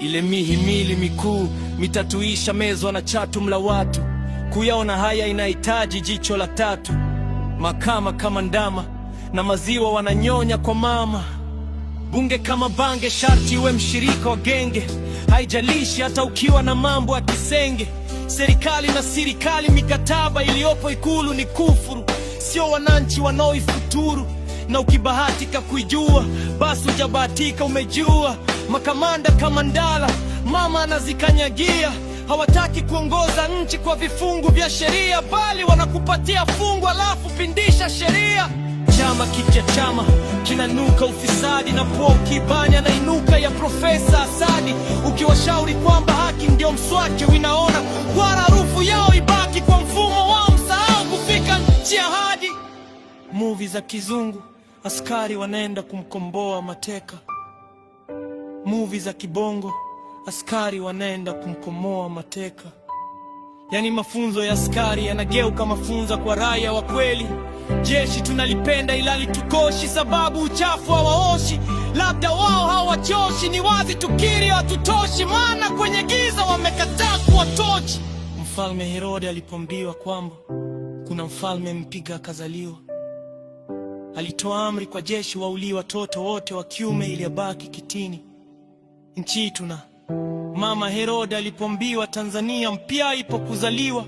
Ile mihimili mikuu mitatuisha mezwa na chatu mla watu, kuyaona haya inahitaji jicho la tatu. Makama kama ndama na maziwa wananyonya kwa mama. Bunge kama bange, sharti uwe mshirika wa genge, haijalishi hata ukiwa na mambo ya kisenge. Serikali na sirikali, mikataba iliyopo Ikulu ni kufuru, sio wananchi wanaoifuturu. Na ukibahatika kuijua, basi ujabahatika umejua makamanda kama ndala, mama anazikanyagia. Hawataki kuongoza nchi kwa vifungu vya sheria, bali wanakupatia fungu alafu pindisha sheria. Chama kipya chama kinanuka ufisadi, na poa kibanya na inuka ya Profesa Asadi. Ukiwashauri kwamba haki ndio mswaki, winaona kwara, harufu yao ibaki kwa mfumo wao, msahau kufika nchi ya hadi. Muvi za kizungu, askari wanaenda kumkomboa mateka muvi za kibongo, askari wanaenda kumkomoa mateka. Yaani mafunzo ya askari yanageuka mafunzo kwa raia wa kweli. Jeshi tunalipenda ila litukoshi, sababu uchafu hawaoshi, labda wao hawachoshi. Ni wazi tukiri hatutoshi, maana kwenye giza wamekataa tochi. Mfalme Herode alipoambiwa kwamba kuna mfalme mpiga akazaliwa, alitoa amri kwa jeshi waulie watoto wote wa kiume ili abaki kitini nchi tuna Mama Herode alipombiwa Tanzania mpya ipokuzaliwa,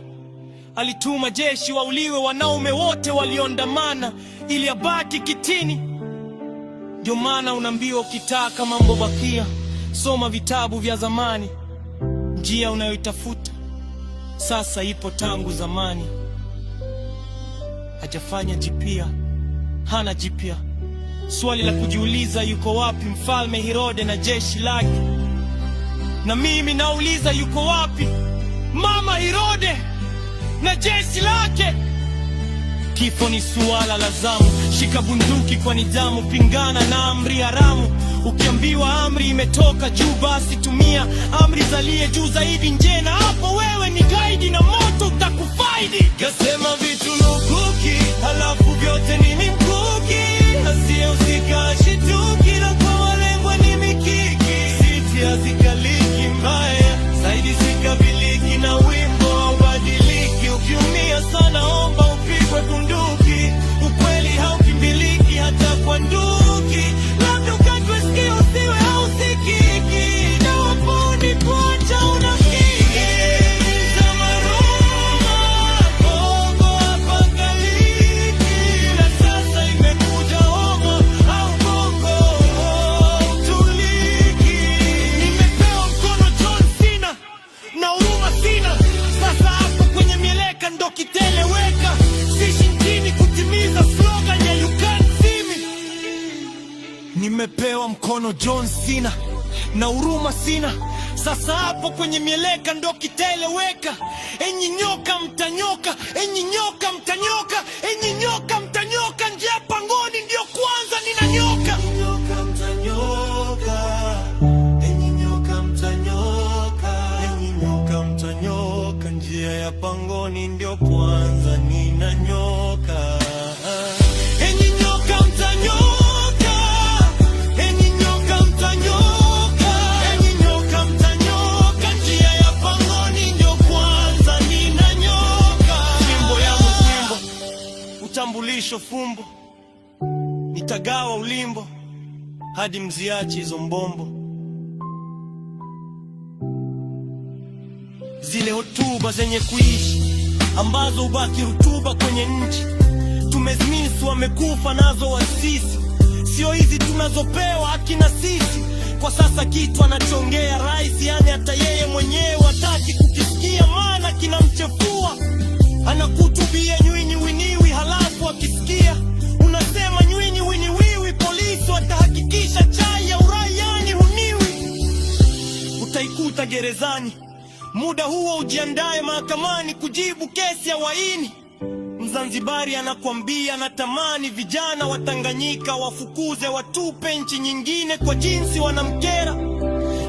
alituma jeshi wauliwe wanaume wote waliondamana ili abaki kitini. Ndio maana unaambiwa ukitaka mambo bakia, soma vitabu vya zamani. Njia unayoitafuta sasa ipo tangu zamani. Hajafanya jipya, hana jipya. Swali la kujiuliza, yuko wapi mfalme Herode na jeshi lake? Na mimi nauliza, yuko wapi mama Herode na jeshi lake? Kifo ni suala la zamu, shika bunduki kwa nidhamu, pingana na amri haramu. Ukiambiwa amri imetoka juu, basi tumia amri zaliye juu zaidi. Nje na hapo, wewe ni gaidi na moto utakufaidi. Kasema vitu lukuki, halafu vyote ni ndo kiteleweka, kutimiza slogan ya Nimepewa mkono John sina na huruma sina. Sasa hapo kwenye mieleka ndo kiteleweka. Enyi nyoka mtanyoka, enyi nyoka mtanyoka. kesho fumbo, nitagawa ulimbo hadi mziache hizo mbombo. Zile hotuba zenye kuishi ambazo ubaki rutuba kwenye nchi, tumezimisu wamekufa nazo wasisi, sio hizi tunazopewa akina sisi. Kwa sasa kitu anachoongea rais, yani hata yeye mwenyewe hataki kukisikia, maana kinamchefua anakutubia gerezani. Muda huo ujiandaye mahakamani kujibu kesi ya waini. Mzanzibari anakwambia anatamani vijana Watanganyika wafukuze watupe nchi nyingine kwa jinsi wanamkera.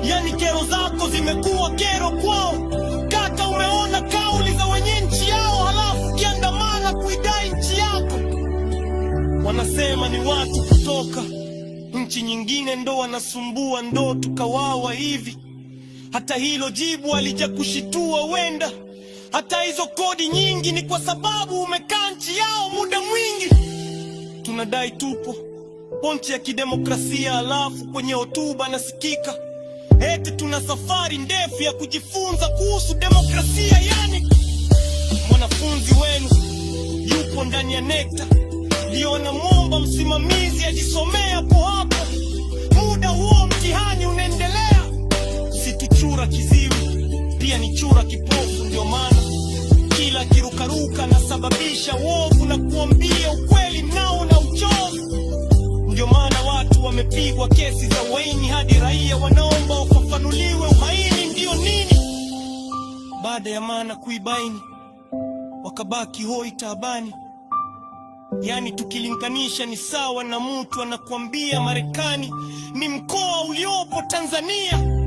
yani kero zako zimekuwa kero kwao. Kaka, umeona kauli za wenye nchi yao, halafu kiandamana kuidai nchi yako. Wanasema ni watu kutoka nchi nyingine ndo wanasumbua, ndo tukawawa hivi. Hata hilo jibu alijakushitua wenda, hata hizo kodi nyingi ni kwa sababu umekaa nchi yao muda mwingi. Tunadai tupo ponchi ya kidemokrasia, alafu kwenye hotuba nasikika eti tuna safari ndefu ya kujifunza kuhusu demokrasia. Yani mwanafunzi wenu yupo ndani ya nekta liona mwomba msimamizi ajisomea po hapo, muda huo mtihani unaendelea chura kiziwi, pia ni chura kipofu. Ndio maana kila kirukaruka nasababisha uovu na kuambia ukweli mnao na uchovu. Ndio maana watu wamepigwa kesi za waini hadi raia wanaomba ufafanuliwe uhaini ndio nini, baada ya maana kuibaini wakabaki hoi taabani. Yaani, tukilinganisha ni sawa na mtu anakuambia Marekani ni mkoa uliopo Tanzania.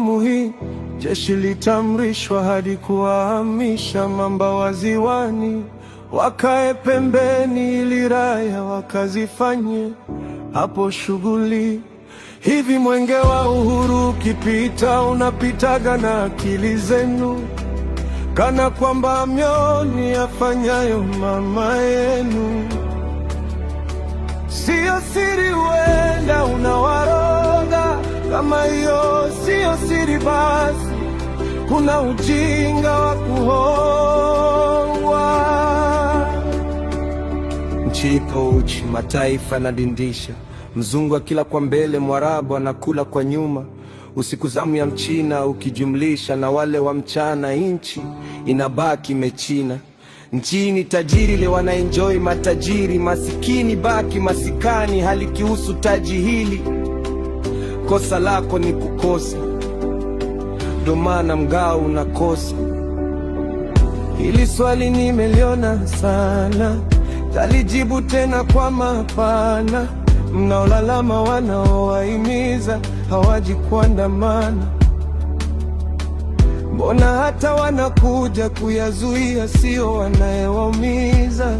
awamu hii jeshi litamrishwa hadi kuwahamisha mamba waziwani wakae pembeni ili raya wakazifanye hapo shughuli. Hivi mwenge wa uhuru ukipita, unapitaga na akili zenu, kana kwamba myoni afanyayo mama yenu, siyo siri. basi, kuna ujinga wa kuhongwa. Nchi uchi, mataifa yanadindisha, mzungu akila kwa mbele, mwarabu anakula kwa nyuma usiku zamu ya mchina ukijumlisha na wale wa mchana, inchi inabaki mechina. Nchini tajiri le enjoy matajiri, masikini baki masikani, halikihusu taji hili. Kosa lako ni kukosa ndo maana mgao unakosa. Hili swali nimeliona sana, talijibu tena kwa mapana. Mnaolalama wanaowahimiza hawaji kuandamana, mbona hata wanakuja kuyazuia? Sio wanayewaumiza,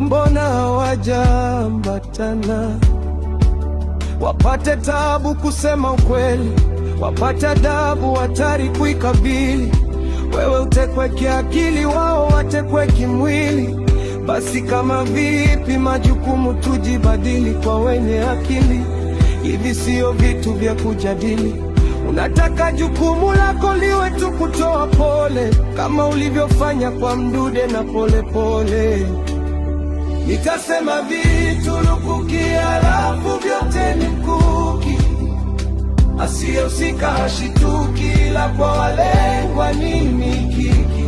mbona hawajaambatana? wapate tabu kusema ukweli, wapate adabu, hatari kuikabili. Wewe utekwe kiakili, wao watekwe kimwili. Basi kama vipi majukumu, tujibadili kwa wenye akili. Hivi siyo vitu vya kujadili. Unataka jukumu lako liwe tu kutoa pole, kama ulivyofanya kwa Mdude na Polepole pole nikasema vitu lukuki, alafu vyote ni mkuki. Asiyehusika hashituki, la kwa walengwa ni mikiki.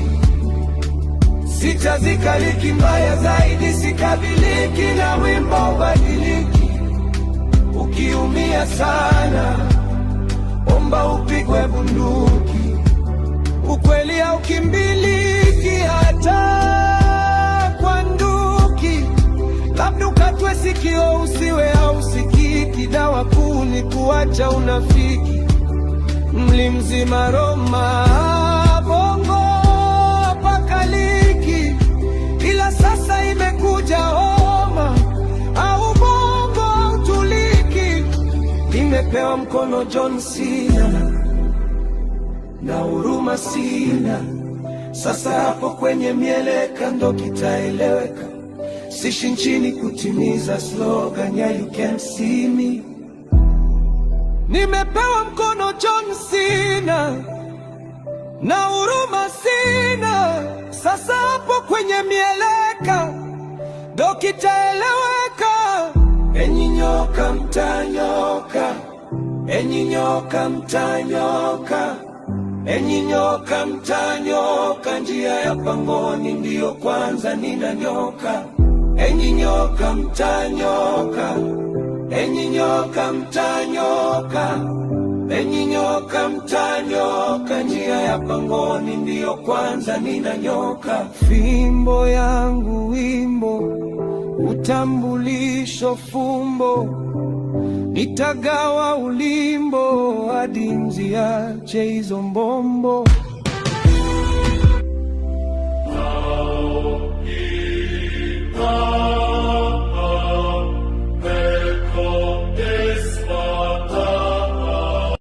Sitazikaliki, mbaya zaidi sikabiliki, na wimbo ubadiliki. Ukiumia sana, omba upigwe bunduki. Ukweli haukimbili hata kuacha unafiki, mlimzima Roma bongo pakaliki, ila sasa imekuja homa au bongo tuliki, imepewa mkono John Cena na huruma sina. Sasa hapo kwenye mieleka ndo kitaeleweka, sishi nchini kutimiza slogan ya you can see me Nimepewa mkono John sina na huruma sina, sasa hapo kwenye mieleka ndo kitaeleweka. Enyi nyoka mtanyoka, enyi nyoka mtanyoka, enyi nyoka mtanyoka, njia ya pangoni ndiyo kwanza nina nyoka Enyi nyoka mtanyoka Enyi nyoka mtanyoka, enyi nyoka mtanyoka, njia ya pangoni ndiyo kwanza ninanyoka. Fimbo yangu wimbo, utambulisho fumbo, nitagawa ulimbo hadi mziache hizo mbombo. Oh,